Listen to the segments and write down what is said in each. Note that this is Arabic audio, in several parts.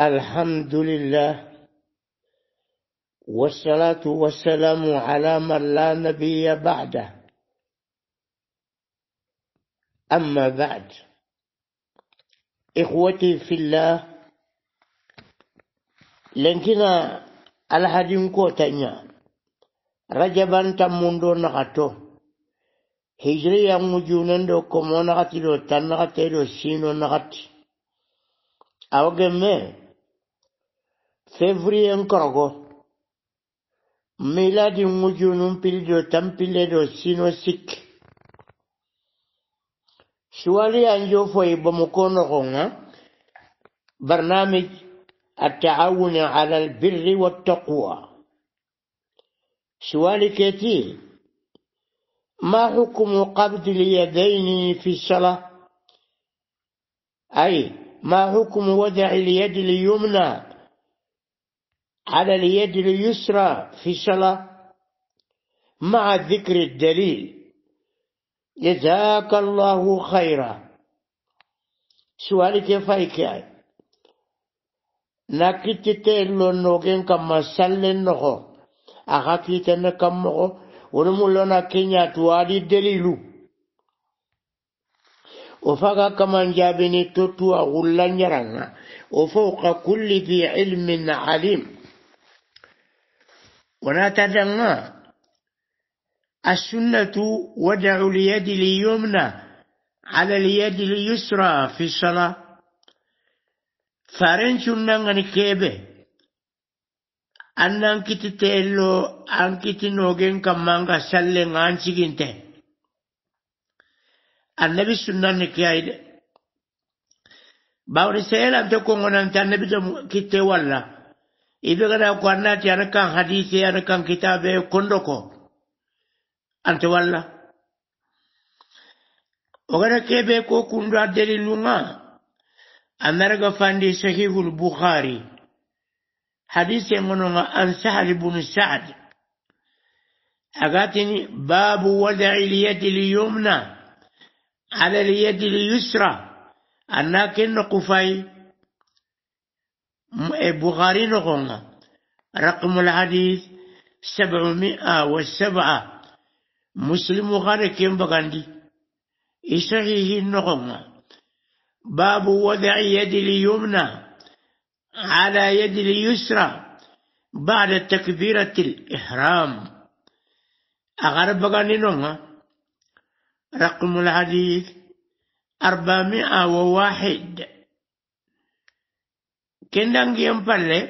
الحمد لله والصلاة والسلام على من لا نبي بعده أما بعد إخوتي في الله لنكنا الحديم كوتانيا رجبا تموندو نغتو هجريا مجونن دو كمو نغتي دو تنغتي دو سينو نغتي أوغمي février nkorogo miladi ŋujununpili do tampile do sino sik suwali anjo foyi bamako nogonŋa barnamij التعاون على البر والتقوى سؤال كثير ما حكم قبض اليدين في الصلاة أي ما حكم وضع اليد اليمنى على اليد اليسرى في صلاة مع ذكر الدليل جزاك الله خيرا سؤالك فايك نكتتي لنوكين كما سلن نخو أخاكيتن كمخو ونمولنا كينيا توالي دليلو وفقا كما جابني توتو أغلان يرانا وفوق كل ذي علم عليم ولا تدع الله السنة وضع اليد اليمنى على اليد اليسرى في الصلاة فرنش نغن كيبه أنن كت تيلو أن كت نوغن كمانغا سلن عانسي كنت النبي سنة نكيايد باوري سيلا تكون أنت النبي كت والله إذا كان أقولنا أنا كان حديثي أنا كان كتابي كندوكو أنت والله وكان كيبي كو كندو أدري لنا أمريكا فاندي صحيح البخاري حديث منه عن سهل بن سعد أغاتني باب وضع اليد اليمنى على اليد اليسرى أنا كن قفاي إيه، بخاري نقولنا رقم الحديث سبعمائة وسبعة مسلم بخاري كيم بغاندي إصحيه إيه، نقولنا باب وضع يد اليمنى على يد اليسرى بعد تكبيرة الإحرام أغرب بغاني نقولنا رقم الحديث أربعمائة وواحد جيم بالله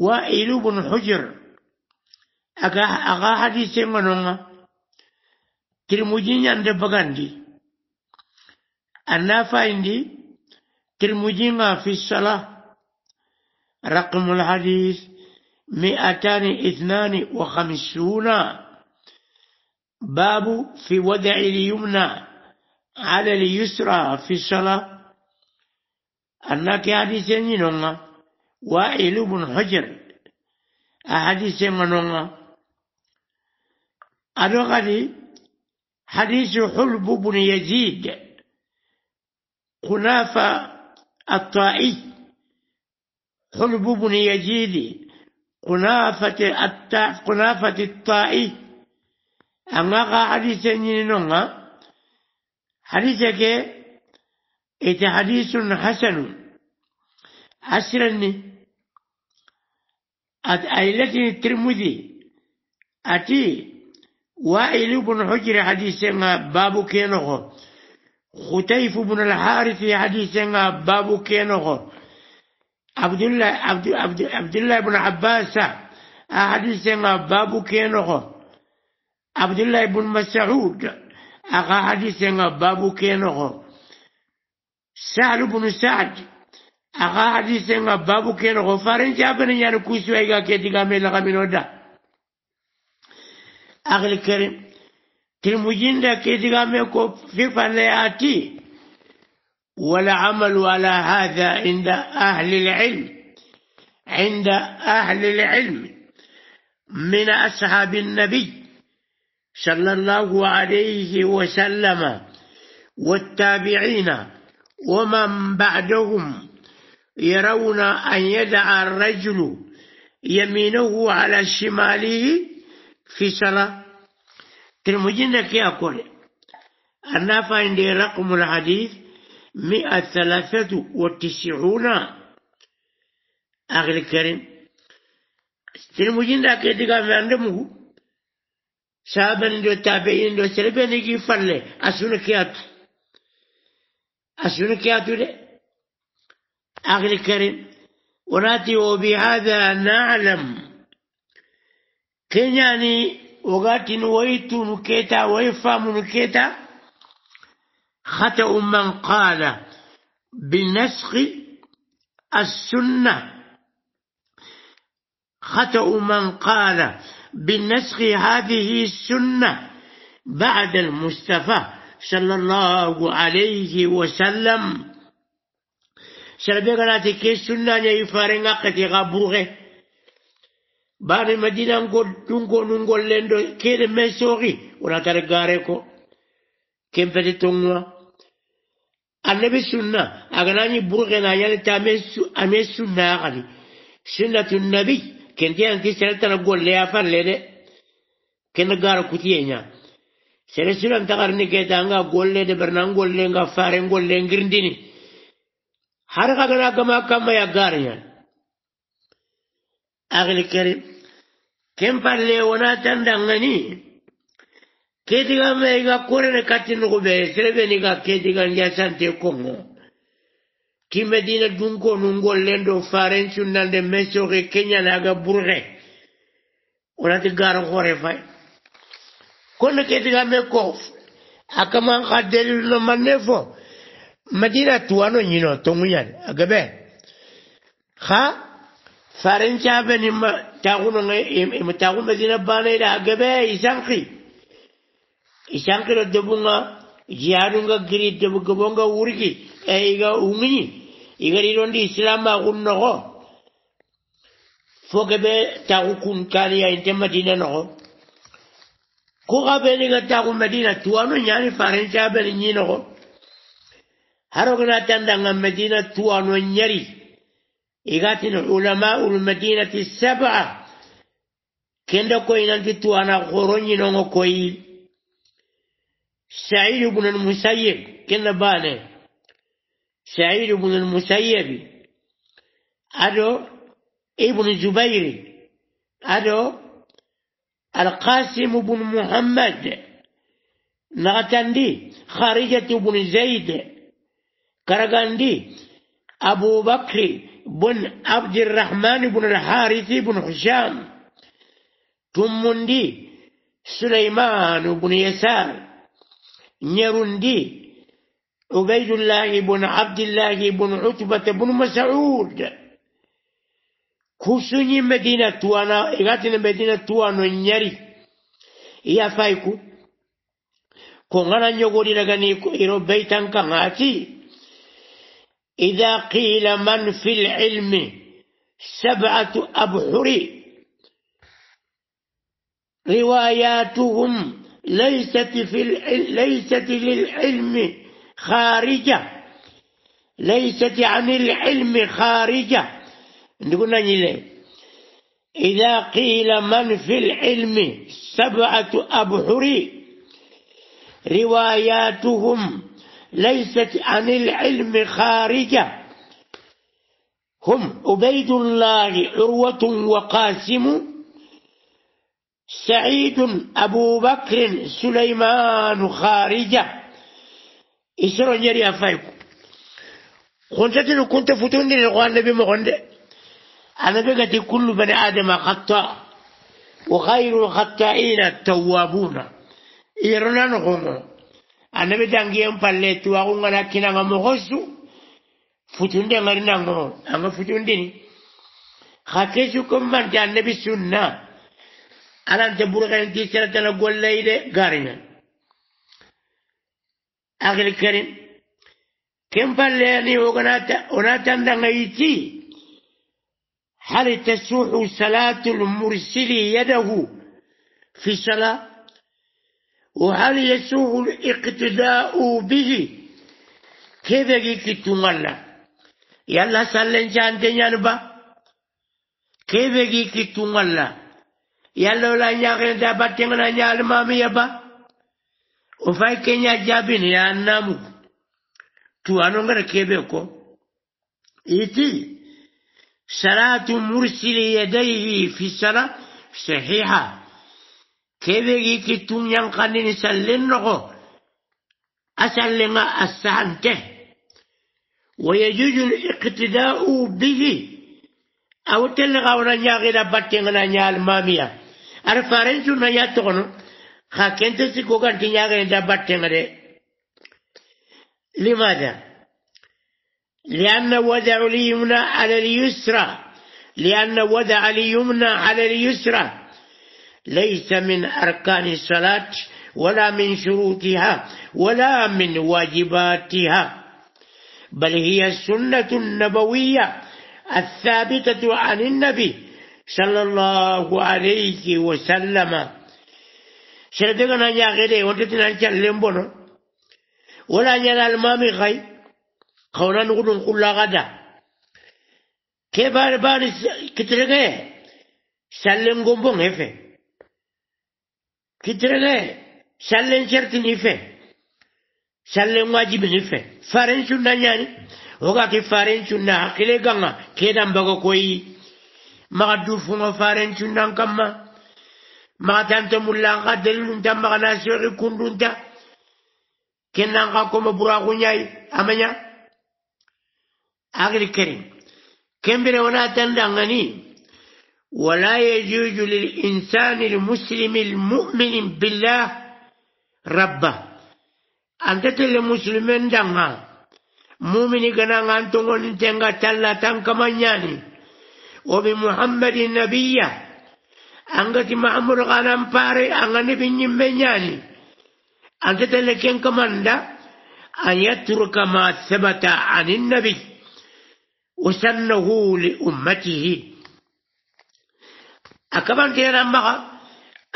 وإلو بن حجر أغا أغا حديث منونا ترمجين عند بغاندي النافع عندي ترمجين في الصلاة رقم الحديث مئتان اثنان وخمسون باب في وضع اليمنى على اليسرى في الصلاة أنك حديث نينونا وائل بن حجر أحاديث منونا أدوغدي حديث حلب بن يزيد خنافة الطائي حلب بن يزيد قنافة التا قنافة الطائي أما حديث نينونا حديثك إذا حديث حسن أسرن أت أيلتني الترمذي أتي وائل بن حجر حديثنا باب كينغو ختيف بن الحارث حديثنا باب كينغو عبد الله عبد عبد عبد الله بن عباس حديثنا باب كينغو عبد الله بن مسعود أخا حديثنا باب كينغو سهل بن سعد أغا حديثة إن أبابو غفارين جابن يعني كوسوا إيقا كيدي قامي لغا من ودا أغا الكريم تلمجين دا كيدي قامي كو في فان ولا عمل ولا هذا عند أهل العلم عند أهل العلم من أصحاب النبي صلى الله عليه وسلم والتابعين ومن بعدهم يرون أن يدع الرجل يمينه على شماله في صلاة تلمجين كي أقول النافع عندي رقم الحديث مئة ثلاثة وتسعون أخي الكريم تلمجين كي تقام عندهم sahaban do tabi'in do selebe ni gi falle asuna kiyatu أسلك تولي أخي الكريم وناتي وبهذا نعلم كنياني وقاتي نويت نكيتا ويفهم نكيتا خطأ من قال بنسخ السنة خطأ من قال بنسخ هذه السنة بعد المصطفى صلى الله عليه وسلم سلبي غناتي كي سنة يفارن قتي غابوغي بار مدينة نقول نقول نقول لندو كير مسوغي ولا ترقاريكو كم فتتونوا النبي سنة أغناني بوغي نايان تامي أمي سنة أغني سنة النبي كنتي أنتي سنة نقول ليا فان لدي كنت غارو كتيني sere silam tagarni ketanga golle de bernan golle nga faren golle ngirndini har kagana kama kama ya garnya agil kerim kem palle wona tandangani ketiga me ga korene katin ko be sere ni ga ketiga ya sante kongo ki medina dunko nun golle ndo faren sunnande meso ke kenya na ga burge onati gar hore fay كل كده غامي نعم كوف أكما قدر لما نفو مدينة توانو ينو تونيان أجابه خا فارنشا بني ما تاغون ما تاغون مدينة باني لا أجابه يسانقي يسانقي لدبونا جيانونا غريد دبوكبونا ورقي أيغا أمني إغري روندي إسلام أغون نغو فوق به تاغو كون كان يا إنت مدينة نغو ko ga beni ga ta ku medina tuwanu nyani farin ta beni nyino ko haro gana tanda ga medina tuwanu nyari igatin ulama ul madinati sab'a kenda ko inanti tuwana goro nyino ngo koyi سعيد بن المسيب كنا بانه سعيد بن المسيب أدو ابن جبير أدو القاسم بن محمد نغتندي خارجة بن زيد كرغندي أبو بكر بن عبد الرحمن بن الحارث بن هشام تمندي سليمان بن يسار نيرندي عبيد الله بن عبد الله بن عتبة بن مسعود kusunyi medina tuwana igatine medina tuwano nyari iyafaiku kongana nyogoliragani iro beitan kan ati إذا قيل من في العلم سبعة أبحر رواياتهم ليست في ليست للعلم خارجة ليست عن العلم خارجة نقول لي إذا قيل من في العلم سبعة أبحر رواياتهم ليست عن العلم خارجة هم عبيد الله عروة وقاسم سعيد أبو بكر سليمان خارجة إسرائيل يا أفايكو كنت كنت فتوني دي النبي مغندي أنا بقت كل بني آدم خطاء وخير الخطائين التوابون إيرنان غمو أنا بدانجي أم فلت وأقوم أنا كنا غمغسو فتوندي غرنا غمو أنا فتوندي خاكيسو كم من جان نبي سنة أنا تبور غين تيسرة أنا قول ليلة غارنا أخي الكريم كم فلت يعني وغنا تندن غيتي هل تسوح صلاة المرسل يده في صلاة وهل يسوح الاقتداء به كذا كتمالا يلا سلن جان دنيان با كيف يجيك تمالا يلا لا نياغن دا باتنغنا نيال مامي با وفاي كنيا جابين يا نامو تو انو غير كيبكو ايتي صلاة مرسل يديه في الصلاة صحيحة كبيري كتون ينقنن سلن رغو أسلن السعنته ويجوز الاقتداء به أو تلغى غير ونجاغي باتنغنا نيال ماميا أرفارنسو نياتغنو خاكنت سيكوغان تنياغي غير باتين لماذا؟ لأن وضع اليمنى على اليسرى لأن وضع اليمنى على اليسرى ليس من أركان الصلاة ولا من شروطها ولا من واجباتها بل هي السنة النبوية الثابتة عن النبي صلى الله عليه وسلم شردنا يا غيري وانت تنان ولا نال مامي غير خونا نقول نقول لا غدا كي بار بار كترغي سلم قنبون هفه كترغي سلم شرط نفه سلم واجب نفه فارن شنن يعني وقاكي فارن شنن حقلي قانا كيدان بغو كوي ما مغدوفون فارن شنن كما ما مغتانت ملان قدل نتا مغناسوغي كندون تا كنان قاكم براغو نياي أمانيا عقل الكريم كمبر ولا تندغني ولا يجوز للإنسان المسلم المؤمن بالله ربه أنت المسلمين دعها مؤمن كنا أنتم ونتنغا تلا تنكمانياني وبمحمد النبي أنت محمد غنام باري أنت بنيمبنياني أنت تلكين كمان أن يترك ما ثبت عن النبي وسنه لأمته أكبر كيرا مغا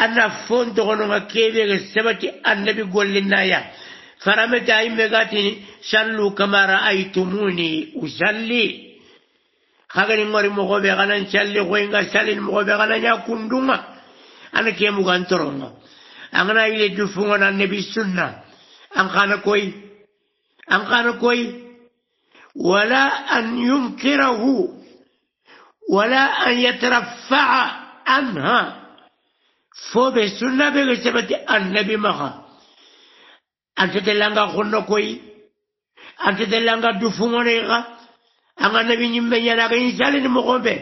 أنا فون دخلوا كيبي السبت النبي قول لنا يا فرمت أي قاتني سلوا كما رأيتموني أصلي خاغني موري مغوبي غانا نصلي خوين صلي مغوبي غانا يا كندوما أنا كيمو غانترونغا أنا إلي دفونا النبي السنة أن كان كوي أن كان كوي ولا أن ينكره ولا أن يترفع عنها فوبي سنة بغسبة النبي مها أنت تلانغا خنو أنت تلانغا دفونغنيغا أنا نبي نمبن يلاغي إنسان مغنبه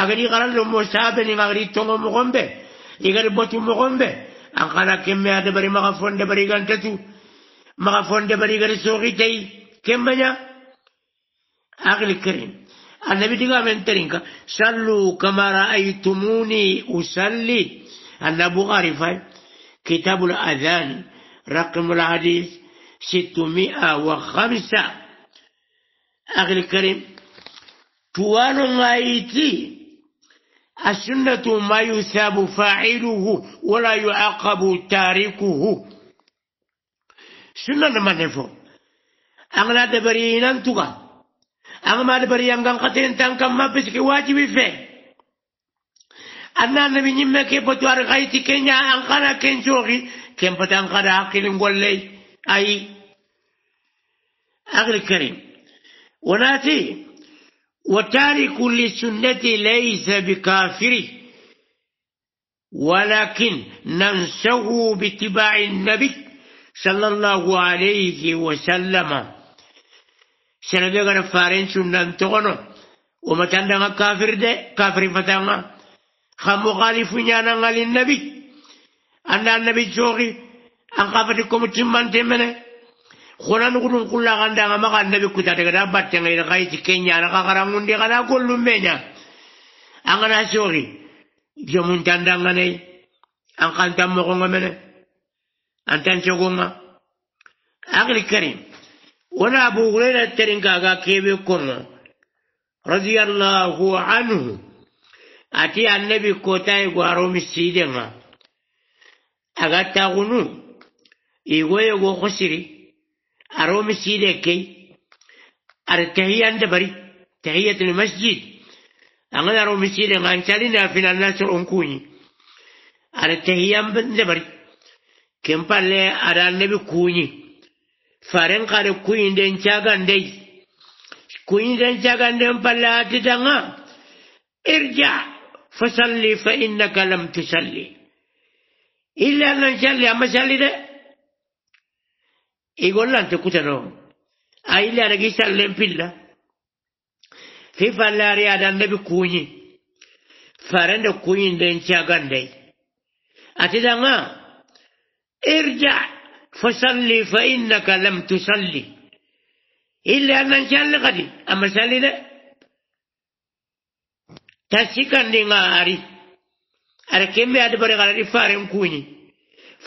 أغري غرال مصابن أغري تونغ مغنبه إغري بطو مغنبه أنغانا كمي أدبري مغفون دبري غانتتو مغفون دبري غري سوغي تي كمبنيا عقل الكريم النبي تقول من ترينك صلوا كما رأيتموني أصلي أبو غارفة كتاب الأذان رقم الحديث 605 أخي الكريم توان ما يتي السنة ما يثاب فاعله ولا يعاقب تاركه سنة ما نفو أغلى دبرينا تقال أغمال بريانغان قتين تنكم ما بس كي واجب فيه أنا نبي نيمة كيبتو أرغايتي كينيا أنقنا كينشوغي كيبتا أنقنا أقل نقول لي أي أغل كريم وناتي وتارك للسنة ليس بكافري ولكن ننسه باتباع النبي صلى الله عليه وسلم سنة دوغانا فارين سنن تغنو وما تندغا كافر دي كافر فتاما خامو غالي فنانا غالي النبي أن النبي جوغي أن قافتكم تمان تمنى خنا نقولون كل غندا ما كان النبي كتا تغدا باتن غير غايت كينيا أنا غرامون دي غنا كل مينيا أنا جوغي جمون تندغني أن كان تمغون منه أن تنشغون أغلي كريم ولا أبو الترنقا ترنكا كيف يكون رضي الله عنه أتي النبي كوتاي غاروم سيدنا أغتاغنو إيغوي غو خسري كي ارتهي عند بري تهية المسجد أنا أروم سيدنا أنتالينا في الناس أنكوني أرتهيان دبري كم بالله أرى النبي كوني faren kare kuyinden cagandey kuyinden caganden pallatitanga irja fasalli fa innaka lam tusalli illa nan salli amma salli de igollante kutano Aa illa nagi sallen pilla fi fallari adannabi kuyi faren da kuyinden cagandey dangaa, irja فصل فإنك لم تصلي إلا أن إن شاء الله غدي أما صلي لا تسيكن دي غاري أركم بياد بري غاري فارم كوني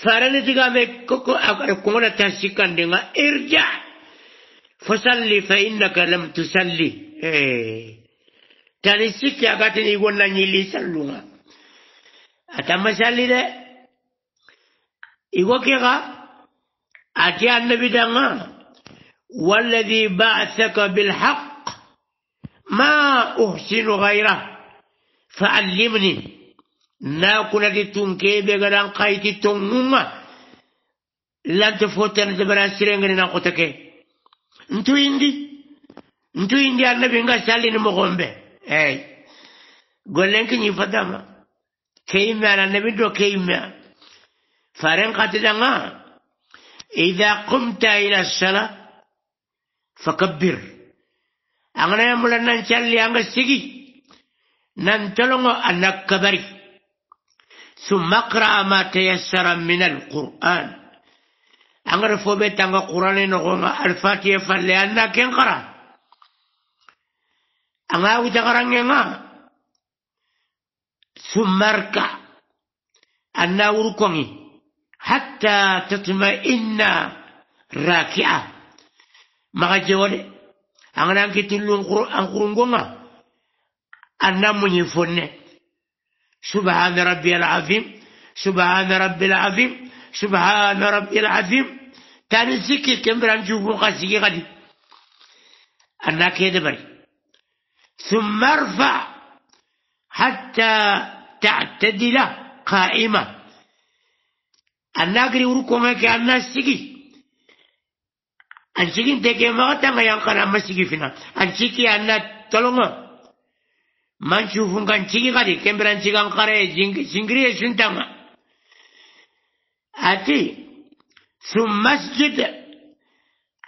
فارن تيغامي كوكو أكونا تسيكن دي ارجع فصل فإنك لم تصلي إيه. tani sikki akatini igonna ñilli sallunga atama salli de igo ke أتي النبي دماء والذي بعثك بالحق ما أحسن غيره فعلمني نا كنت تنكي بغدان قايتي تنمم لن تفوتن دبران سيرنغن ناقوتك انتو اندي انتو اندي النبي نغا سالين مغنبه اي قولنك نفدما كيما النبي دو كيما فارن قاتدنا إذا قمت إلى الصلاة فكبر أنا أقول ننشل أنغ سيجي ننتلو أنك كبري ثم اقرأ ما تيسر من القرآن أنا أغنى فوبيت أنغ قرآن أن الفاتحة فلأنا كنقرأ أغنى وتغرنغ ثم اركع أنا وركوني حتى تطمئن راكعة ما جوالي أنا نعم أنا قرون قوما أنا منيفون سبحان ربي العظيم سبحان ربي العظيم سبحان ربي العظيم تاني سيكي كمبران جوكو غادي أنا كيدا بري ثم ارفع حتى تعتدل قائمه الناقري وركوما كأن السجي أنشكين تكي مغتا ما ينقل أما السجي فينا أنشكي أن تلوما ما نشوفون كان شيء غادي كمبر أنشكي أنقرة جنجري شنتما أتي ثم مسجد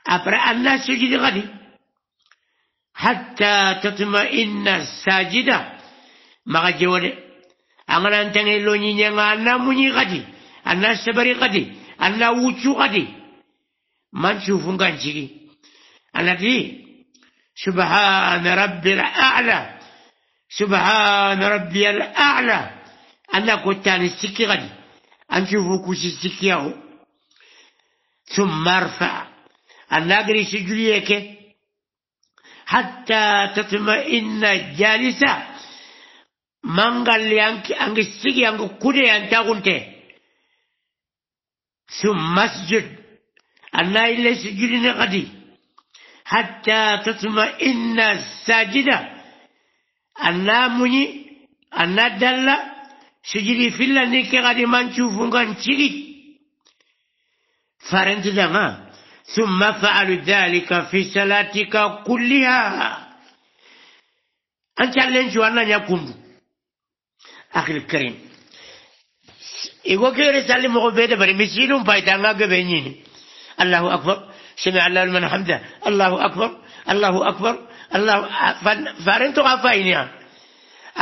أبرا أن السجد غادي حتى تطمئن الساجدة ما غادي أنا أنتني لوني نعانا موني غادي أنا سبري قدي أنا وجو قدي ما نشوفون غانشيكي شيء أنا دي سبحان ربي الأعلى سبحان ربي الأعلى أنا كنت عن السكي غدي أنشوفو كوش السكي أهو ثم أرفع أنا أجري سجليك حتى تطمئن جالسة من قال لي أنك أنك السكي أنك كودي أنت أغنتي ثم اسجد أنا إلا سجدنا غدي حتى تطمئن الساجدة أنا مني أنا دل سجدي في الله نيك غدي شوفون نشوفون كان فرنت دما ثم فعل ذلك في صلاتك كلها أنت لنشو أنا يكون أخي الكريم يوكير سالم غبيدة بري مسجدهم بايتانغا قبينيني الله أكبر سمع الله لمن حمده الله أكبر الله أكبر الله فارنتو غفاينيا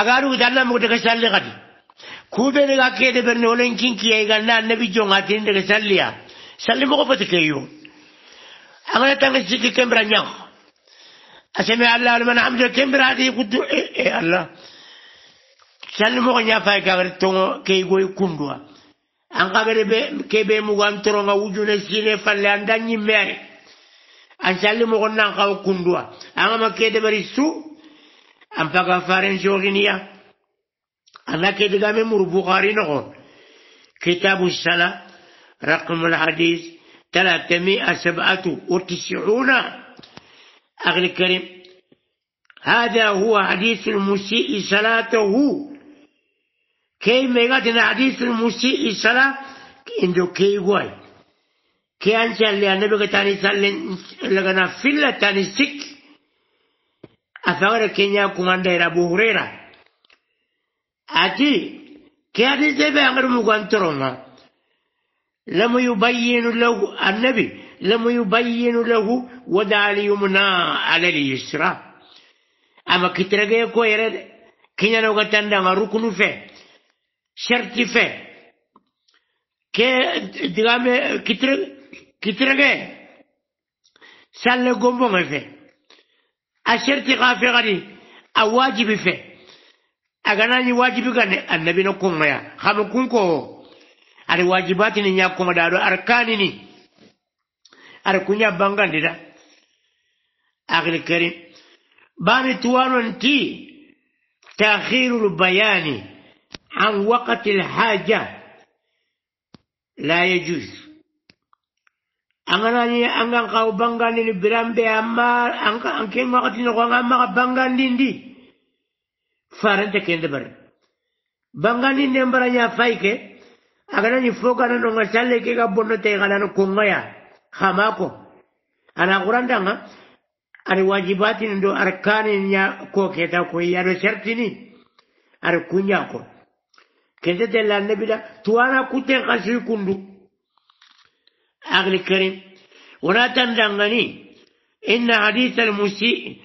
أقالوا دانا مغدك سالي غدي كوبي نغا كيدي كين كي كينكي يغانا النبي جونغاتين دك ساليا سالم غبتك يوم أغنى تنغسيكي كمبرا نيخ أسمع الله لمن حمده كمبرا دي قدو إيه إيه الله sanni mogo ñafay kagari tongo ke igoyi kundua an kagari be kebe mugan toronga wujune sine falle an dan ñimme ay an salli mogo nan kawo kundua an gama ke debari su an paga faren soginiya anna ke digame muru bukhari nogon kitabu sala رقم الحديث 397 أخي الكريم هذا هو حديث المسيء صلاته كي ميغا تناديس الموسي الصلاة إندو كي واي كي أنسى اللي أنا بقى تاني سالين لغنا فيلا تاني سيك أفاورا كينيا كمان دايرا بوهريرا أتي كي أدي زيبا أغر مغان ترونا لم يبين له النبي لم يبين له ودع اليمنى على اليسرى أما كترغي كويرد كينيا لغتان دعما ركنو فيه certifié que digamos que tragué سال قومون فيه الشرطي في غني الواجب فيه أغناني واجب غني النبي نقوم يا خم كون كو أري واجبات نيا كوم دارو أركاني ني أركونيا بانغان ديدا أغل الكريم باني توانو انتي تأخير البياني عن وقت الحاجة لا يجوز أنغاني أنغان قاو بانغان لبران بأمار أنكين وقت نغوان أما بانغان لندي فارنت كين دبر بانغان لندي أمبرا يا فايك أغاني فوق أنا نغا سالي كيغا بونو تيغانا نكونغايا خماكو أنا أقولان دانا أنا واجباتي نندو أركاني نيا كوكيتا كوي أنا سرتيني أنا كونياكو كذا دل النبي لا توانا كنت خشي كندو أغل الكريم ولا تندغني إن حديث المسيء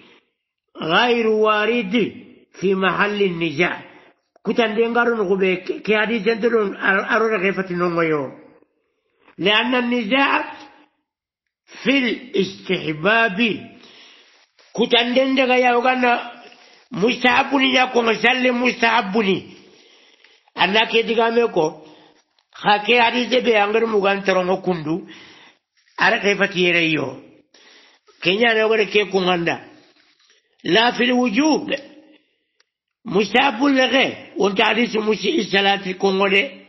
غير وارد في محل النزاع كتن دينغارون غبيك كي حديث دلون أرور غيفة نوميون لأن النزاع في الاستحباب كتن دينغا يوغانا مستحبني يكون سلم مستحبني أنا كذي كاميوكو خاكي أريد بيعمر مغان ترونو كندو أرك هفتي رأيو كينيا نقول كي كوماندا لا في الوجوب مستحب لغة وانت عريس مشي الصلاة كونغولي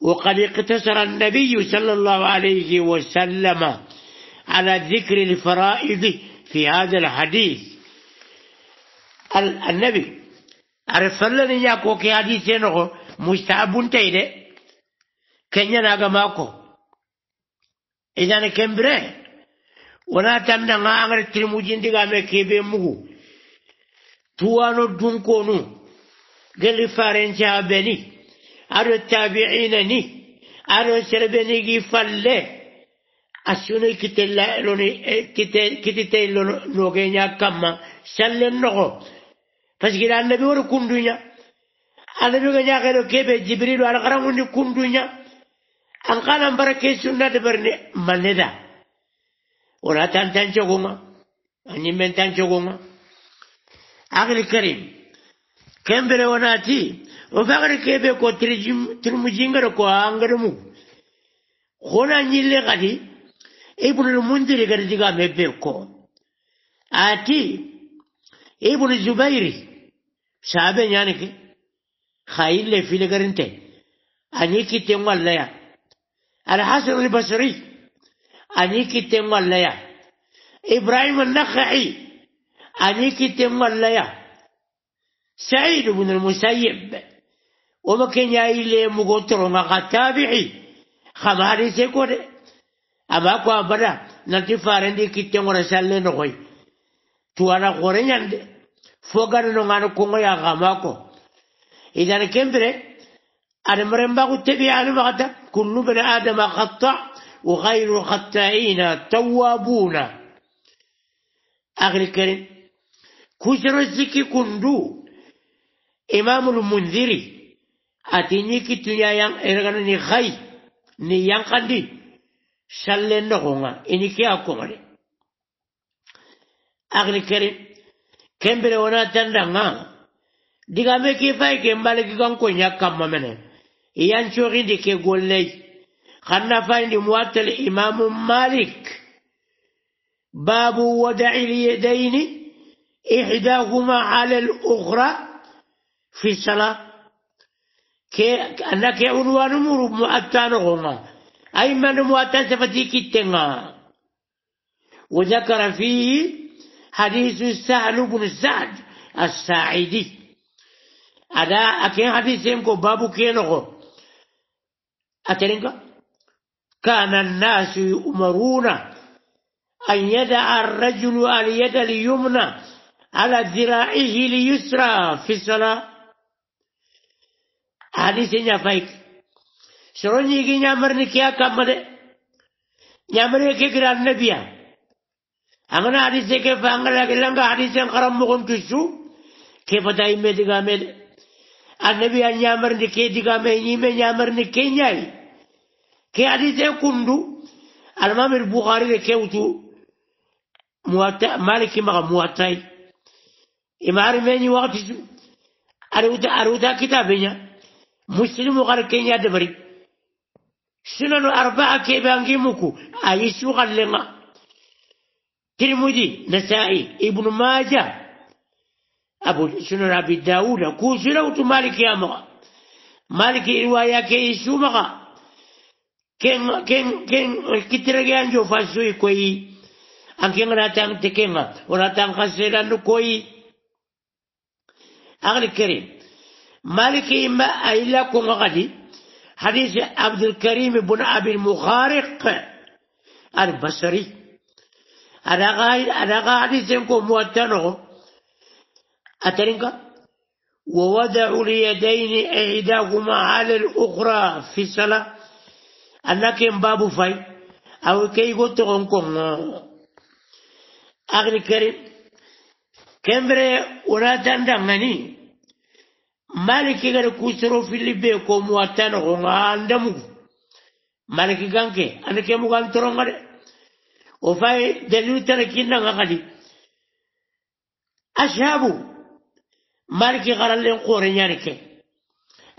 وقد اقتصر النبي صلى الله عليه وسلم على ذكر الفرائض في هذا الحديث النبي ara sallani nya ko ke adi seno mustabun tayde kenya naga mako idan kembere wana tamda nga angar trimujindi ga me kebe mugu tuwano dunkonu geli farenca beni aro tabi'ina ni aro serbeni gi falle asuni kitella loni kitite loge nya kamma sallen nogo تشكيل النبي ور كندنيا النبي غنيا غير كيف جبريل على قرامون كندنيا أن قال أن بركة سنة برني ملدا ولا تنتن شغوما أني من تن شغوما أغل الكريم كم بلوناتي وفقر كيف كو ترمجينغر كو أنغرمو خونا نيلي غادي ابن المنذر غادي تقام بيكو آتي ابن الزبيري sabe nyani ki khayille fili garinte ani ki kite wallaya al hasan al basri ani ki kite wallaya ibrahim al nakhai ani ki kite wallaya سعيد بن المسيب وما كان يايلي مغوترو ما تابعي خماري سيكون اما كو بدا نتي فارندي كيتن ورسال نوي توانا غورنياندي fogano ngano kongo ya gamako idan kendre ada meremba ku tebi anu makata kullu bani adam khata wa ghayru khata'ina tawabuna agri kerim kujro siki kundu imamul munziri atini kitunya yang ergana ni khay ni yang kandi shalle no gonga ini ke akongare agri kembere wona tanda nga diga me ki fay ke mbale ki kan konya kamma mene iyan chori de ke golle khanna fay ni muwatal imam malik babu wada'i al-yadayn ihdahuma 'ala al-ukhra fi salat ke anna ke unwanu muru mu'attanu huma ay man mu'attafati kitenga وذكر فيه حديث سهل بن سعد الساعدي أدا أكين حديث يمكو بابو كينغو أترينكو كان الناس يؤمرون أن يدع الرجل اليد اليمنى على ذراعه اليسرى في الصلاة حديث نفايك شروني يجي نعمر نكيا كمدي نعمر نكيا النبي أنا عريسة كيف أنا أن لنا عريسة أنا مقوم كشو كيف دايم أنا أريد أن يامر نكي أنا أريد أن نكي نياي أنا عريسة كندو المام البخاري أنا موتا مالك مغا موتاي إمار ميني وقت سو أرودا أرودا كتابينيا مسلم وقال كينيا دبري سنن أربعة كيبانجي مكو أي سوغا ترمذي نسائي ابن ماجه أبو سنن أبي داود كوسنا مالك يا مغا مالك رواية كيسو مغا كين كين كتير كان جو فاسوي كوي أكين راتان تكينا وراتان خسران كوي أغلى كريم مالك إما أيلا كون غادي حديث عبد الكريم بن أبي المخارق البصري أنا قاعد يسمكم موتنهم أترنك ووضعوا اليدين إحداهما على الأخرى في الصلاة أنك أنا فاي أو كي قلت لكم أغني كريم كمبري ولا تندمني مالكي غير كسرو في اللي كوم واتنهم عندهم مالكي كانكي أنا كم كان ترون وفاي دلو تركينا غالي أشهابو مالكي غرال لين قورن أغادي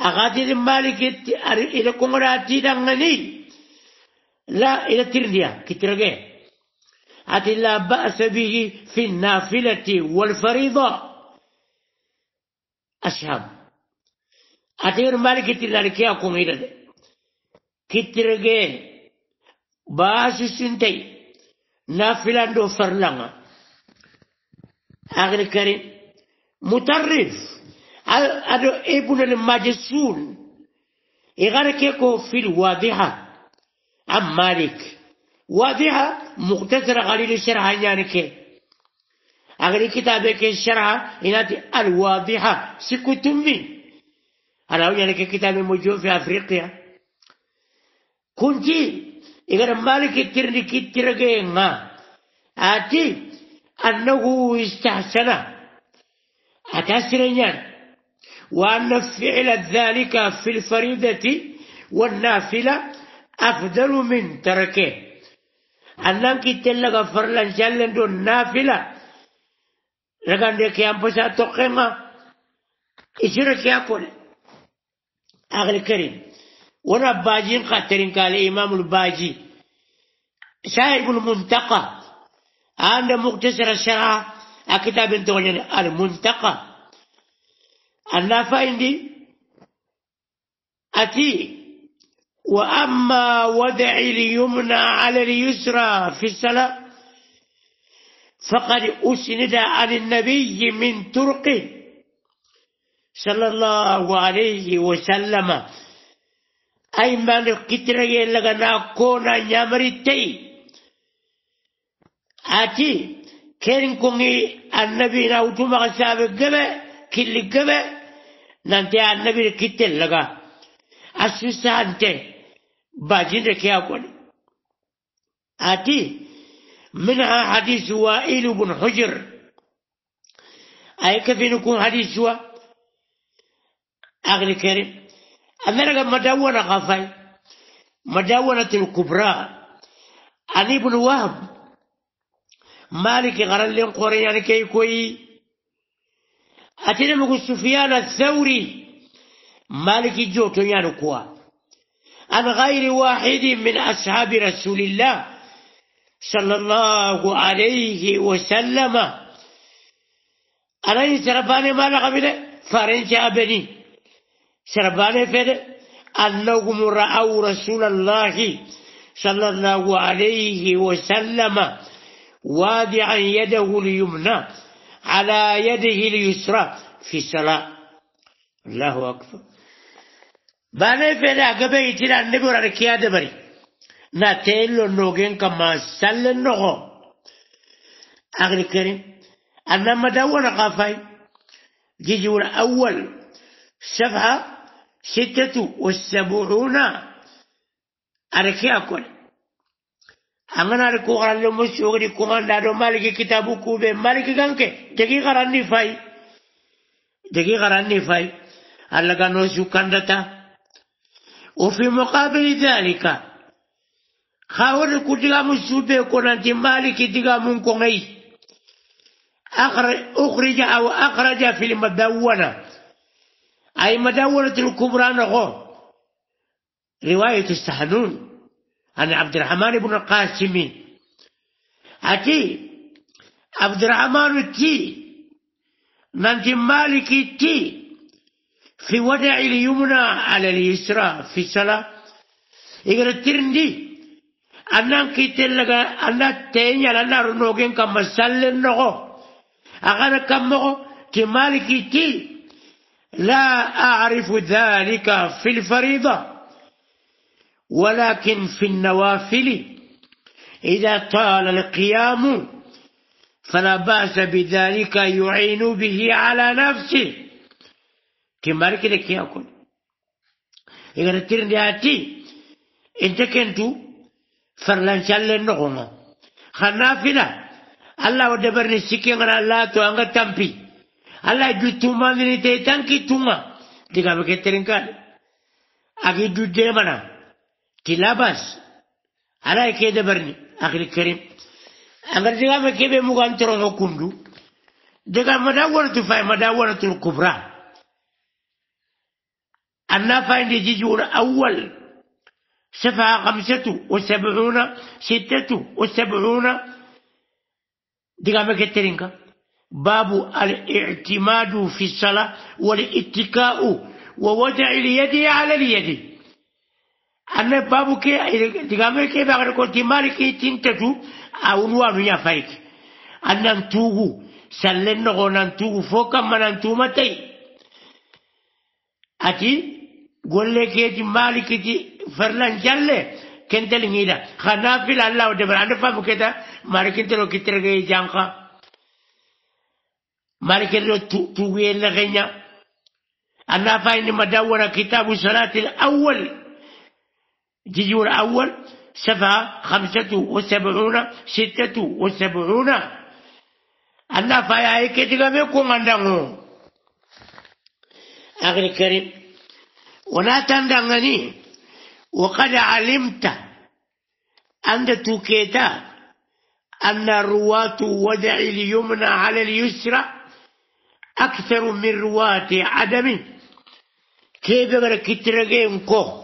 أغادر مالكي إلى كومراتي دانغني لا إلى ترنيا كترغي أتي لا بأس به في النافلة والفريضة أشهاب أتي مالكي تلالكي أكون إلى كترغي باسي سنتي نافلا دو فرلانا أغل كريم مترف أدو ابن المجسول كيكو في الواضحة أم مالك واضحة مختصرة غليل الشرحة يعني كي أغني كتابك الشرحة إناتي الواضحة سكتمي أنا أقول لك موجود في أفريقيا كنتي إذا مالك ترنك جينا آتي أنه استحسن أتسرنيان وأن فعل ذلك في الفريضة والنافلة أفضل من تركه أنك لك فرلان شلن دون نافلة لكن لك كيام بسا تقيمة إشرك يقول أغل كريم ون أباجين خاترين قال إمام الباجي صاحب المنتقى عند مقتصر الشرع الكتاب الدولي المنتقى أنا فايندي أتي وأما وضع اليمنى على اليسرى في الصلاة فقد أسند عن النبي من ترقه صلى الله عليه وسلم aimmaanif kitira gee laganaa na nyaamarittei ati kerin kungi annabiina utuma kasaabe gabe killi gabe nante annabiina kitte laga asfisaante baajinde kee akoni ati منها حديث وائل بن حجر أي كفينكم أنا مدونة غفاي مدونة الكبرى عن ابن وهب مالك غران لين قرين يعني كي كوي أتنا مكو سفيان الثوري مالك جوتو يعني كوا عن غير واحد من أصحاب رسول الله صلى الله عليه وسلم أنا يترفاني مالك بنا فارنجا بني سربانه فد أنهم رأوا رسول الله صلى الله عليه وسلم وادعا يده اليمنى على يده اليسرى في صلاة الله أكبر بانه فر أقبه يتنا النبور ركيا دبري ناتيلو لنوغين كما سلن نغو أغل كريم أنما دون قافاي جيجي الأول صفحة ستة والسبعون أركي أما أنا أركو غرالو مسوغري كمان دارو مالك كتابو كوبي مالك كانك دقي غراني فاي دقي غراني فاي ألا كانوا سكان وفي مقابل ذلك خاور كتلا مسوبي كونانت مالك دقا منكم أخرج أو أخرج في المدونة أي مدونة الكبرى نغور رواية السحنون عن عبد الرحمن بن القاسم أتي عبد الرحمن تي ننت مالك تي في وضع اليمنى على اليسرى في الصلاة أنا أنان لك أنا تينيا لنا رنوغين كما سلن نغو أغانا كمغو تي مالك تي لا أعرف ذلك في الفريضة ولكن في النوافل إذا طال القيام فلا بأس بذلك يعين به على نفسه كما ركلك يأكل إذا ترنياتي أنت كنتو فرلان شال نغمة خنافلة الله ودبرني السكين الله تو أنغا تنبي ala jutuma vinite tan kituma diga be keterinkal agi judde mana kilabas ala ke de berni akhir karim agar diga be kebe mugan toro no kundu diga mada wona tu fay mada wona tu kubra anna fayndi jijur awwal صفحة خمسة وسبعون ستة وسبعون دقامة كترينكا باب الاعتماد في الصلاة والاتكاء ووضع اليد على اليد أنا باب كي دعامي كي بعد كنت مالك تنتجو أو نوام يفايك أنا نتوه سلنا غنا نتوه فوق ما نتوه متي أتي قول لك يا مالك يجي فرلان جلّة كنت لنيدا خنافل الله ودبر أنا فاهم كده مالك انت لو كتير جانخا مالكريو توغي لغنيا أنا فاين مدور كتاب الصلاة الأول جزء الأول سفا خمسة وسبعون ستة وسبعون أنا فايا كتاب ميكون عندهم أخي الكريم ولا تندغني وقد علمت أن توكيتا أن الرواة وضع اليمنى على اليسرى أكثر من رواة عدم تيبغر كترغين كو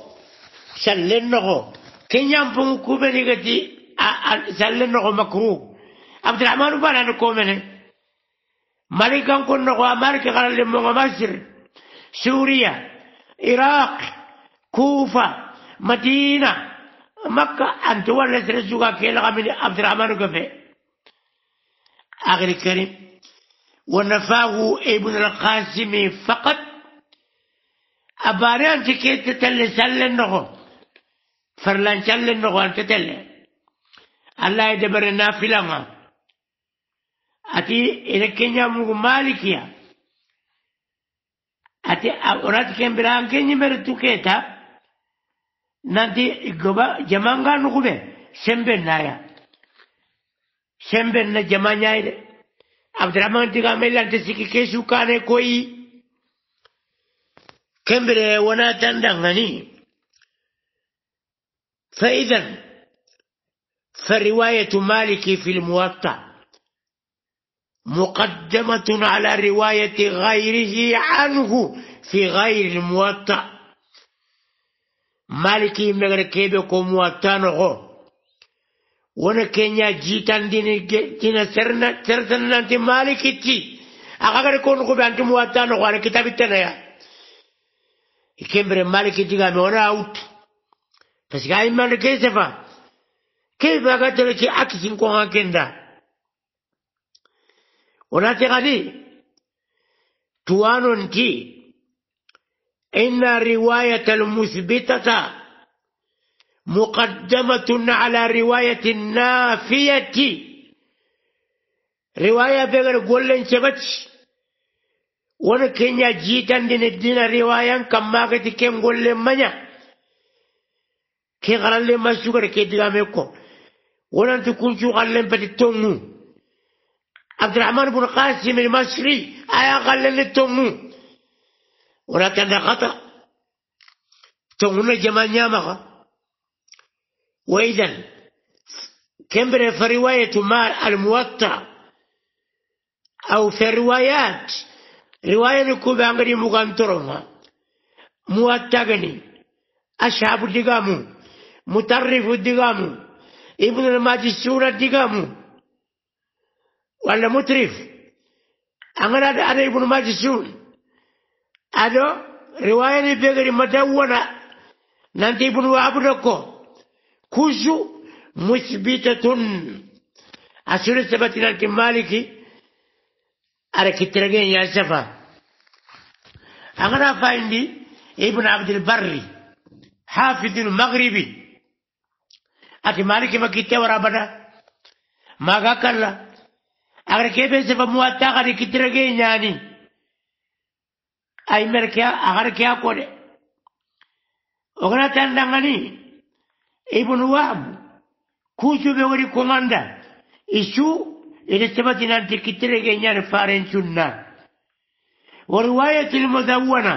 سلنغو كن كوبني كوبنغتي سلنه مكروه عبد الرحمن بانا نكومن مالكان كن نغو أمريكا غلال مصر سوريا العراق كوفة مدينة مكة أنت ولا سرسوكا كيلغا من عبد الرحمن كفي أغري كريم ونفاه ابن القاسم فقط أباريان تكيت تتل سل النغو فرلان سل النغو أن تتل الله يدبر في ما أتي إذا كنيا مغو مالكيا أتي أورات كن بران كنيا مرتو كيتا نانتي جبا جمانغا نغو بي سنبن نايا سنبن نجمانيا عبد الرحمن تقامل لان تسيكي كيسو كان كوي كمبر ونا تندغني فإذا فرواية مالك في الموطأ مقدمة على رواية غيره عنه في غير الموطأ مالكي مغركيبكم موطأ نغو ون كينيا جيتان ديني جينا سرنا سرنا نانتي مالي كيتشي أكاكر كون كوبي أنتي مواتانو غوانا كتابي تنايا يكيمبر مالي كيتشي غامي ونا أوت بس غاي مان كيسفا كيف بقى تلقي أكسين كون كندا ونا تغادي توانو انتي إن رواية المثبتة مقدمة على رواية النافية رواية بغير قولن شبت ونكن جيتا دين الدين رواية ما قد كم قولن منع كي غران لما سكر كي دغاميكو ولن تكون شو غران بتتمو عبد الرحمن بن قاسم المصري آيا غران لتمو ولكن خطأ تمونا جمال نيامخه وإذا كم فرواية مع الموطأ أو في الروايات رواية نكوب أنغري مغانترما موطأغني أشهاب الدقامو مترف الدقامو ابن الماجسون الدقامو ولا مترف أنا أنا ابن الماجسون هذا رواية بغير مدونة ننتي ابن وابنكو كج مثبتة أسر ثبت لك مالك أركترجين يا سفا أنا فاندي ابن عبد البر حافظ المغربي أكي مالك ما كتير ورابنا ما قال agara kebe sefa muwatta gani kitirage nyani ay merke agara kya kode ogana tandangani ابن وهب كوسو بوري كوماندا إيشو إلتبتنا أنت كتير جنيان فارن سنة ورواية المدونة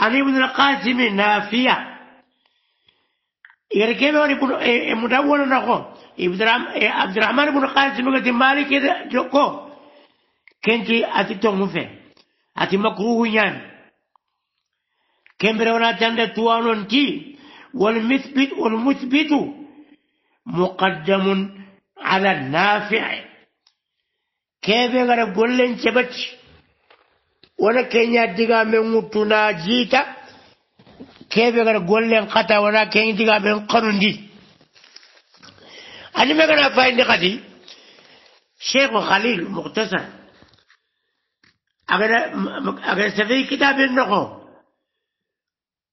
عن ابن القاسم نافية يركب وري مدونة نخو عبد الرحمن بن القاسم قد مالك جوكو كنتي أتتو مفه أتي مكروه يعني كم برونا تندى توانون كي والمثبت والمثبت مقدم على النافع كيف غرب لن شبتش ولا كين يدقى من متنا جيتا كيف غرب لن قطع ولا كين يدقى من قرن دي أنا ما كان فاين قدي شيخ خليل مختصر أغنى أغنى سفي كتاب النقو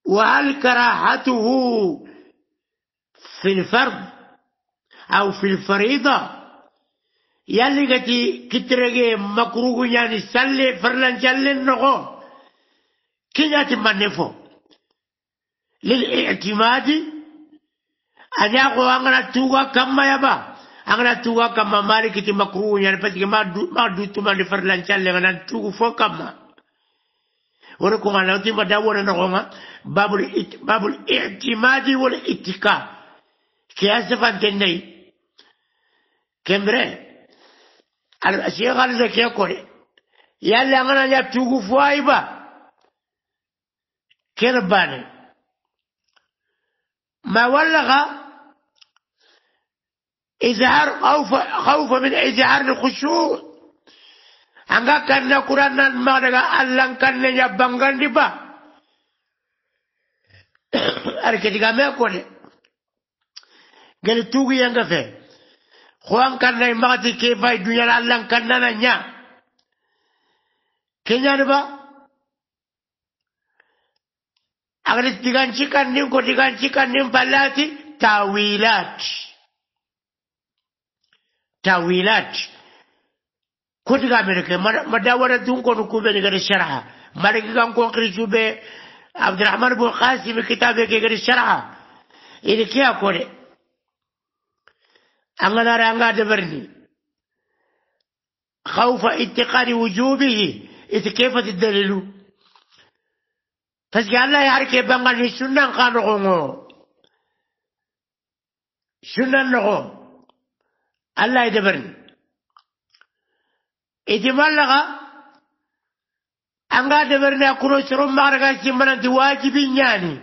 وهل كراهته في الفرض أو في الفريضة قتي كترغي مكروه يعني سلي فرلن جلن نغو كنات منفو للاعتماد أنا أقول أنا توغا كما يبا أنا توغا كما مالكتي مكروه يعني بس ما دوتو من فرلن جلن أنا توغو فو كما ونكون على نتيم بدأونا نقوم باب باب الاعتماد والاتكاء كياسة فانتني كمبرة على الأشياء قال ذا كي يقول يلا أنا جاب توقف وايبا كرباني ما ولغ إزهار خوف خوف من إزهار الخشوع Angga karena kuranan madaga allang karena nyabanggan di ba. Arke diga me kone. Gali tugi yang gafe. Khuang karena imati kefai dunia allang karena nanya. Kenya ni ba? Agar digancikan nim ko digancikan nim palati tawilat. Tawilat. kuti kamereke madawara dunkonu kubeni gadi sharha mariki kan konkiri cube abdurahman bun kasim kitabe ke gadi sharha ini kiya kode anganara anga dabarni خوف انتقال وجوبه إذ كيف تدللوا فسقال الله يعرك بانغان سنة قانغو سنة نغو الله يدبرني إذا ملغا أنغا دبرنا كروش رم مغرقا أنت واجبين يعني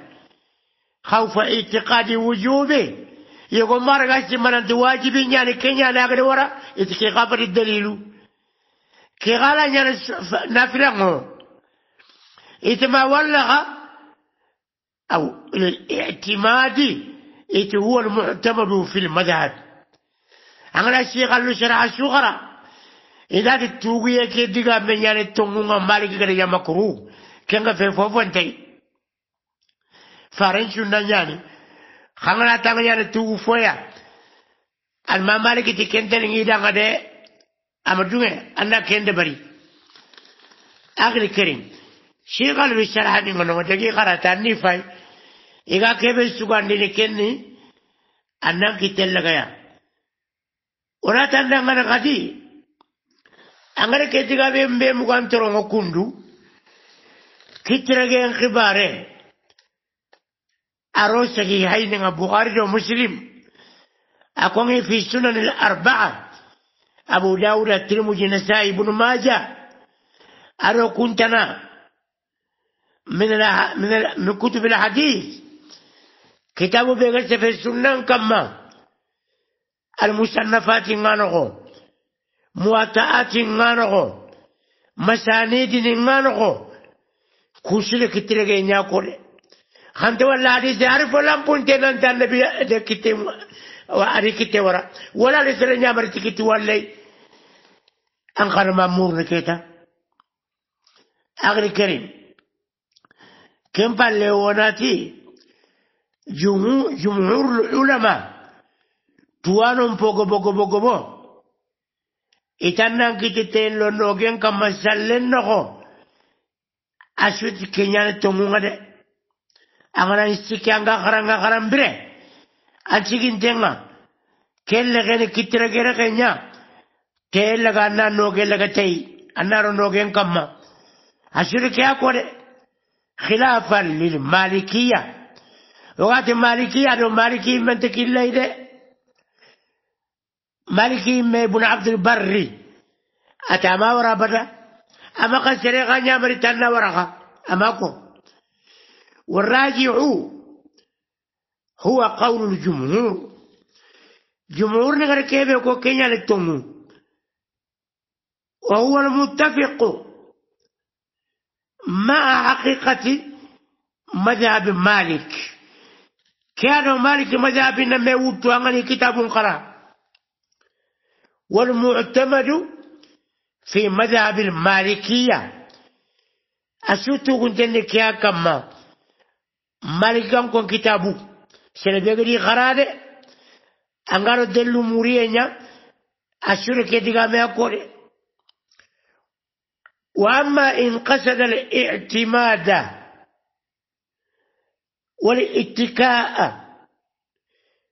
خوف اعتقاد وجوبه يقول مارغا مغرقا أنت واجبين يعني كنيا ناقل ورا إذا كي قبر الدليل كي غالا يعني نافلة إذا ما أو الاعتماد إذا هو المعتمد في المذهب أنا شيخ اللي شرع الشغرة idati tuguye ke diga menyane tongunga mali kigada ya makuru kenga fe fofonte faren chunda nyani khangana tanga nyane tugu foya al mamali kiti kenten ngida ngade amadunge anda kende bari agri kerim shigal bi sharhani ngono degi karata ni fay iga kebe sugandi ni kenni annan kitella gaya ora tanda ngana kadi angare ketiga be mbe mugan torongo kundu kitirage khibare aro sagi hayne nga bukhari do muslim akongi fi sunan al arba'a abu daud at-tirmidhi nasai ibn maja aro kuntana من من من كتب الحديث كتاب بيغرس في السنة كما المصنفات نغانغو مواتعات نغانغو مسانيد نغانغو كوشل كتيرغي نياكول خانت ولا حديث عارف ولا بنت نانت نبي دكتي وعري كتي ورا ولا لسر نعمر تكتي ولي ان مامور نكيتا اغري كريم كم بالليوناتي جمهور العلماء توانم بوغو بوغو بوغو بوغو itannan kititen lonno gen kamma sallen nogo aswiti kenyana tongunga de angana siki anga karanga karambire ansigintenga kelle gene kitira gere kenya kelle ga anna no kelle ga tei annaro no gen kamma aswiti kya kore khilafan lil malikiya wagati malikiya do maliki mentekillai de مالكي ما بن عبد البري أتا ما ورا بدا أما قد سريقا نعمر تانا ورقا كو والراجع هو قول الجمهور جمهور نغر كيف يكون كينيا للتمو وهو المتفق مع حقيقة مذهب مالك كان مالك مذهب نمي وطوانا كتاب قرأ والمعتمد في مذهب المالكية أسوتو كنتن كيا كما مالكان كون كتابو سنبيغ دي غرادة أنغارو دلو مورينا أسورة كتغا ميكوري وأما إن قصد الاعتماد والاتكاء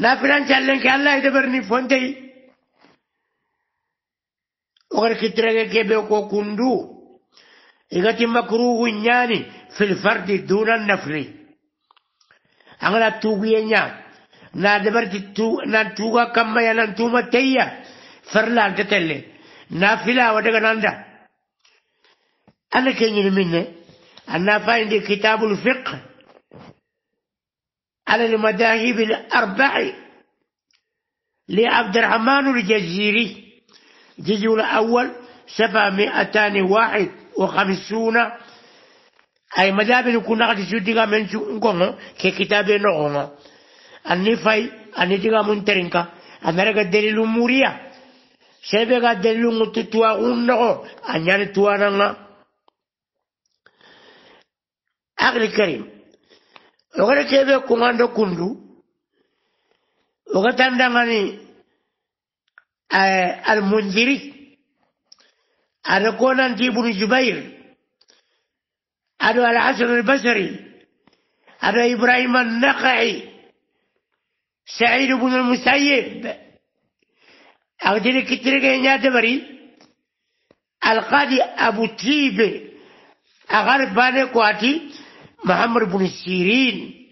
نافلان چلن كالا الله ایده برنی فونتی وغر کترگه که مكروه کندو ایگتی مکروه نانی فی الفرد دون النفلی اگر توگیه نان نادبرت تو نان توگا کم یا نان توما تیا نافلا ودگا ناندا انا كيني مني أنا فاين كتاب الفقه على المذاهب الأربع لعبد الرحمن الجزيري الجزء الأول سبع مئتان واحد وخمسون أي مذاهب يكون قد سوديغا من سوء ككتاب نغنى النفاي النتيجة أنيتيغا منترنكا أنرغا دليل موريا سيبغا دليل متتوى متتوا أن يعني توانا أغلى كريم ogata kebe kumando kundu ogatandangani almunjiri aɗa konanti ibnu jubair al hasan aɗo alhasan albasari aɗo ibrahima annakai سعيد بن المسيب أو دين كتير يا دبري القاضي أبو تيب أغار باني كواتي معمر بن سيرين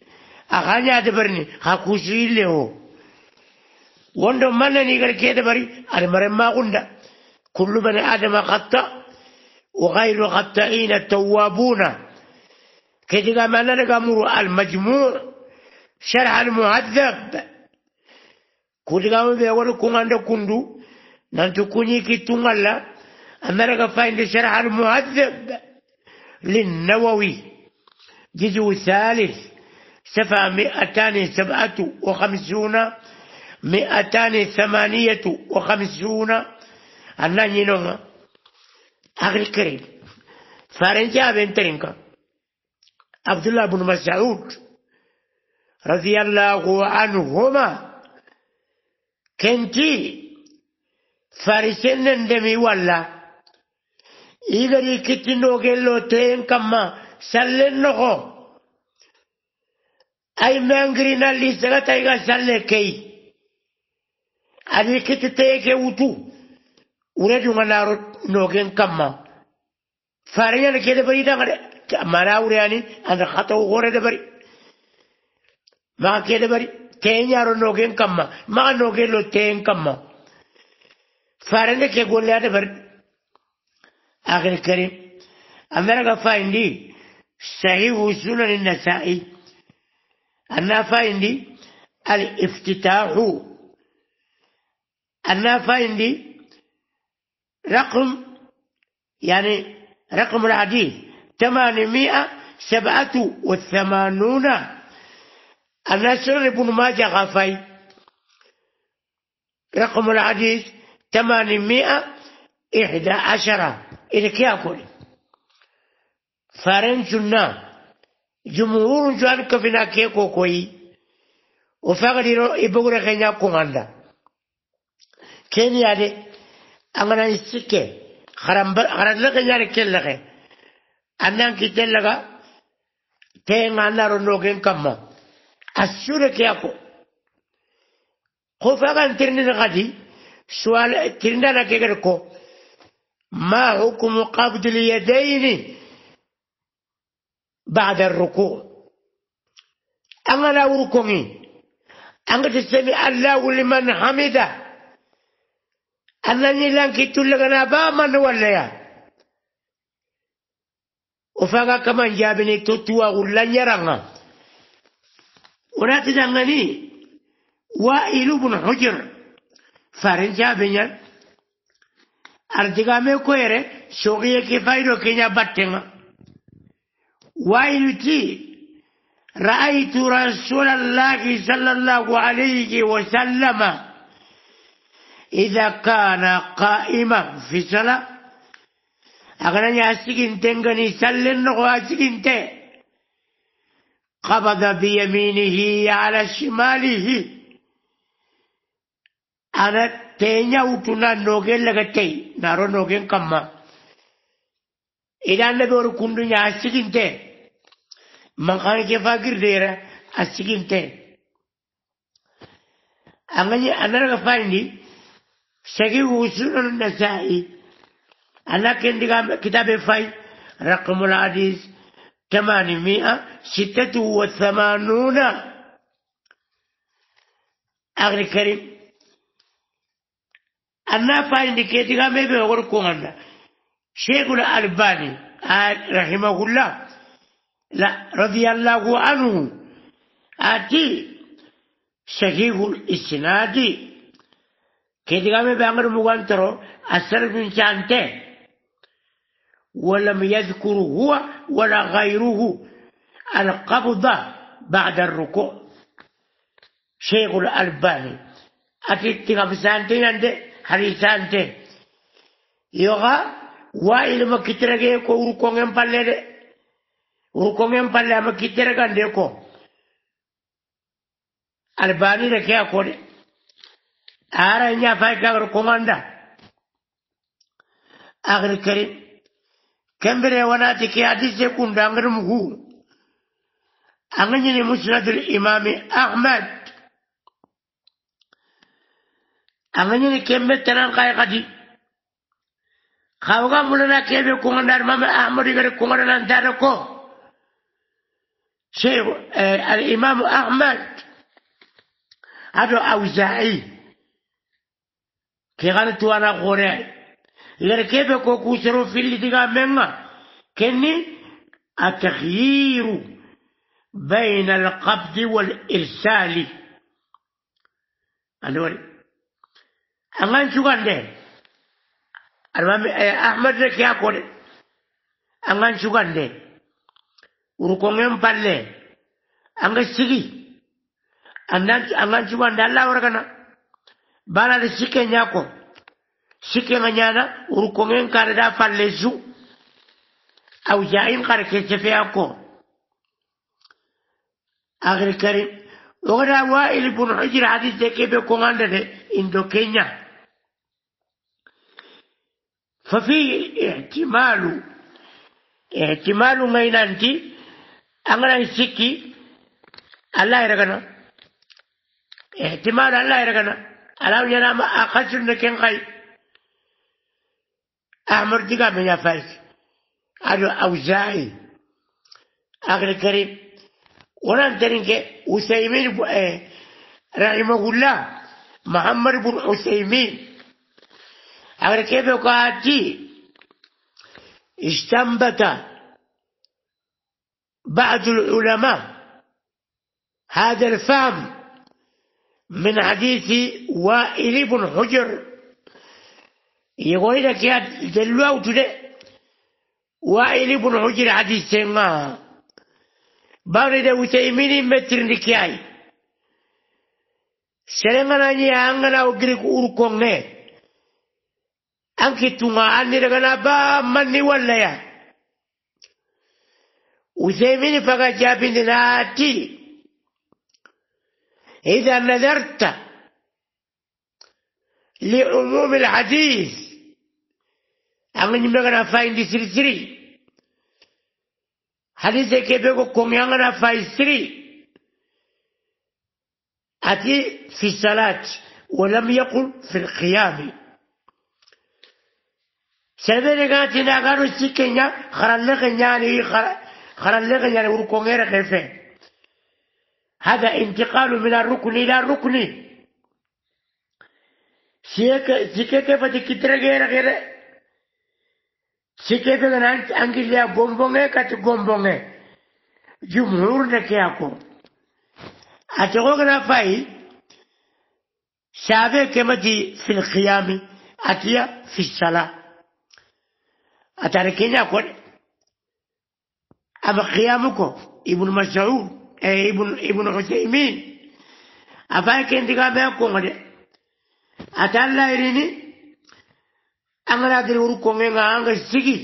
أغاني أدبرني خاكوشي له وندو مانا نيغل كيدا بري مرم ما غندا كل من آدم خطأ وغير الخطائين التوابون كده ما نلقى المجموع شرح المهذب كودغام بيقول كون عند كندو نانتو كوني كي الله أنا لقى فايند شرع المهذب للنووي جزء ثالث صفحة مئتان سبعة وخمسون مئتان ثمانية وخمسون أنا ينوما أخي الكريم فارنجا بن ترينكا عبد الله بن مسعود رضي الله عنهما كنتي فارسين ندمي والله إذا كنتي نوغلو تين كما sallennoqo aymangrina lisagataiga sallekei ani kititeeke wutu uredunga naro nogen kamma farayana kede bari dangade mana ureyani anda hatawu horede bari maga kede bari tenyaro nogen kamma maga nogen lo teen kamma farende ke golleyade bari akhil karim america fayindi صحيح السنن النسائي النافع عندي الافتتاح النافع عندي رقم يعني رقم الحديث ثمانمائة سبعة وثمانون النسر بن ماجه غفاي رقم الحديث ثمانمائة إحدى عشرة إلى كياكل فارن جنا جمهور جوان كفنا كيكو كوي وفاقديرو إبغر غنيا كوماندا كينيا دي يعني أنا يسكي خرمبر خرن لغي نار يعني كلغي أنا كتلغا تين أنا رنوغين كما السورة كيكو خفاقا ترنين غادي سؤال ترنين لكيكو ما حكم قبض اليدين بعد الركوع أنا لا ركوعي أنا تسمي الله لمن حمده أنني لن كنت لغنا باما ولا وفاقا كمان جابني تتوى غلان يرانا ولا تدغني وائل بن حجر فارن جابني أرجع مي كويرة شوقي كفايرو كينا باتنا ويلتي رأيت رسول الله صلى الله عليه وسلم إذا كان قائما في صلاة أغنى أسكن تنغني سلن وأسكن قبض بيمينه على شماله أنا تينيا وطنا نوغين لغتي نارو نوغين كما إذا نبور كندو أسكن تنغني makanya kefakir dera asikin te anganya anara kafandi segi usulun nasai anak yang digambar kita befai rakmul hadis ثمانمائة ستة وثمانون أغني كريم أنا فاين كيتي غامي بيقول كونا شيخنا albaani رحمه الله لا رضي الله عنه آتي صحيح الإسناد كدغام بانغر مغانترو أسر من شانته ولم يذكر هو ولا غيره القبض بعد الركوع شيخ الألباني أتي أكيد تغفزانتي عند حريسانتي يوغا وإلما كترغي كورو كونغن بالله وكم بالله ما كتير كان ديكو الباني ركيا كوري آرا إنيا فاي كاغر كوماندا آخر كريم كم بري وناتي كي حديث يكون دانغر مغو أغنيني مسند الإمام أحمد أغنيني كم بتنان قاي قدي خاوغا مولانا كيبي كونغ دار مام احمد غير كونغ دار دار كو شيخ آه، الإمام أحمد هذا أوزاعي كيغان توانا غوري لركيبه كوكوسرو في اللي ديغا منغا كني التخيير بين القبض والإرسال أنوري أنغان قال دي أحمد لك يا كوري أنغان قال دي urukongen palle anga sigi angan cubande allah waragana banade sikke ñako sikke nga ñana urukongen kare da palle su aw jaim kare ke cefeya ko akhir karim ogada wa'il bun hujir hadis de kebe konganda de indo kenya ففي احتمال احتمال غير انتي أمنا يسيكي الله يرغنا احتمال الله يرغنا ألاو ينام أخسر نكين غي أحمر ديقا من يفايس أدو أوزاعي أخي الكريم ونان ترينك وسيمين رحمه الله محمد بن عثيمين أخي كيف قاتي استنبت بعض العلماء هذا الفهم من حديث وائل بن حجر يقول لك يا دلوت وائل بن حجر حديث ما بارد وتيمين متر نكياي سلمان اني انغنا وغريك اوركونغ انكي توما اني رغنا با مني ولا يا وثيمين فقط جابين ناتي إذا نذرت لعموم الحديث أغني مغنى فاين دي سري سري حديث كيبكو كم يغنى فاين سري أتي في الصلاة ولم يقل في القيام سبيل قاتنا قالوا السكينة خرلق يعني خرال خرلغ يعني وركون غير خيفه هذا انتقال من الركن إلى الركن كيف تكتر غير غير سيكيك أنت أنجليا بومبونغ كات بومبونغ جمهور نكياكو أتغوغنا فاي سابع كمتي في القيام أتيا في الصلاة أتركينا اقول أبا خيابكو ابن مسعود اي ابن ابن حسيمين أبا كنت قابلكو مدى أتالا إريني أنا لا أدري وركو مين أنا سيكي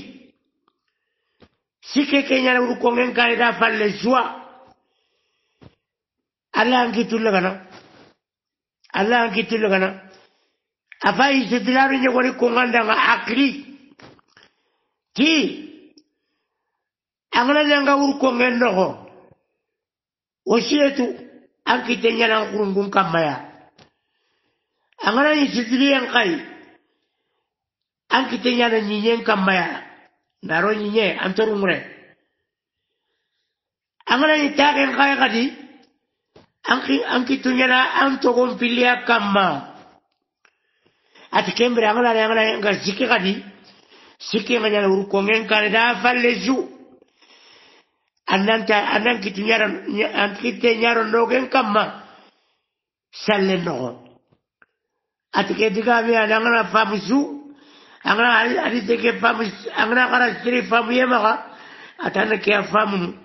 سيكي كينيا وركو مين كاي دا فالسوا الله أنكي تلغنا الله أنكي تلغنا أبا يسدلاري يقولي كوغاندا أكري تي angana nanga wur kongen noho wasiyetu an kite ñanan kurundun kammaya angana ni sigiriyen kay an kite ñana ñiñen kammaya naro ñiñe an torumre angana ni taken kay kadi an kitu ñana an togon piliya kamma ati kembere angana ni angana ngar sikki kadi sikki nga ñana wur kongen kane da falle su annan ta annan kiti nyaron an kiti nyaron nogen kamma salle no atike diga mi anangana famsu angana ari deke famus angana kara siri famu yema ka atana ke famu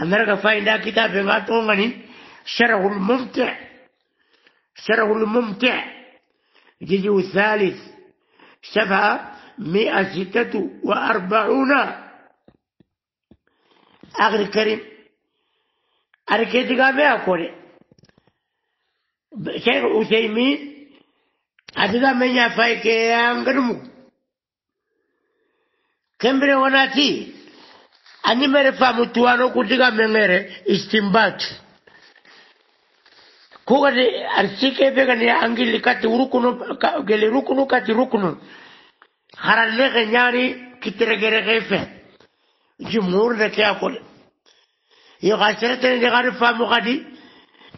annar ka fainda kitab nga tongani sharhul mumti sharhul mumti الجزء الثالث سبعة مئة ستة وأربعون عقل كريم hareketi gamea kore Sheikh Uthaymeen atida menya faike angarumu kembere wanati animere fa mutuano kutiga mengere istimbati kugati arsike begani angili kati rukunu geli rukunu kati rukunu haralege nyari kitiregeregefe جمهورنا كيقول يغسرتني لغارب فامو غادي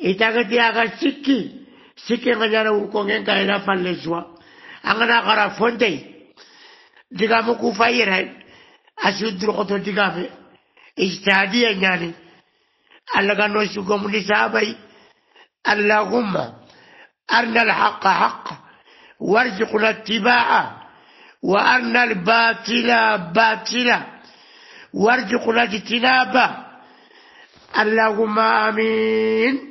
إتاغتي آغا سكي سكي غنانا وكونين كاينا فالنسوا أغنا غرا فوندي دقامو كوفاير هاي أسود درقوتو دقامي إجتادي يعني الله قالوا سقوم نسابي اللهم أرنا الحق حق وارزقنا اتباعه وأرنا الباطل باطلا وارزقنا الاجتناب اللهم امين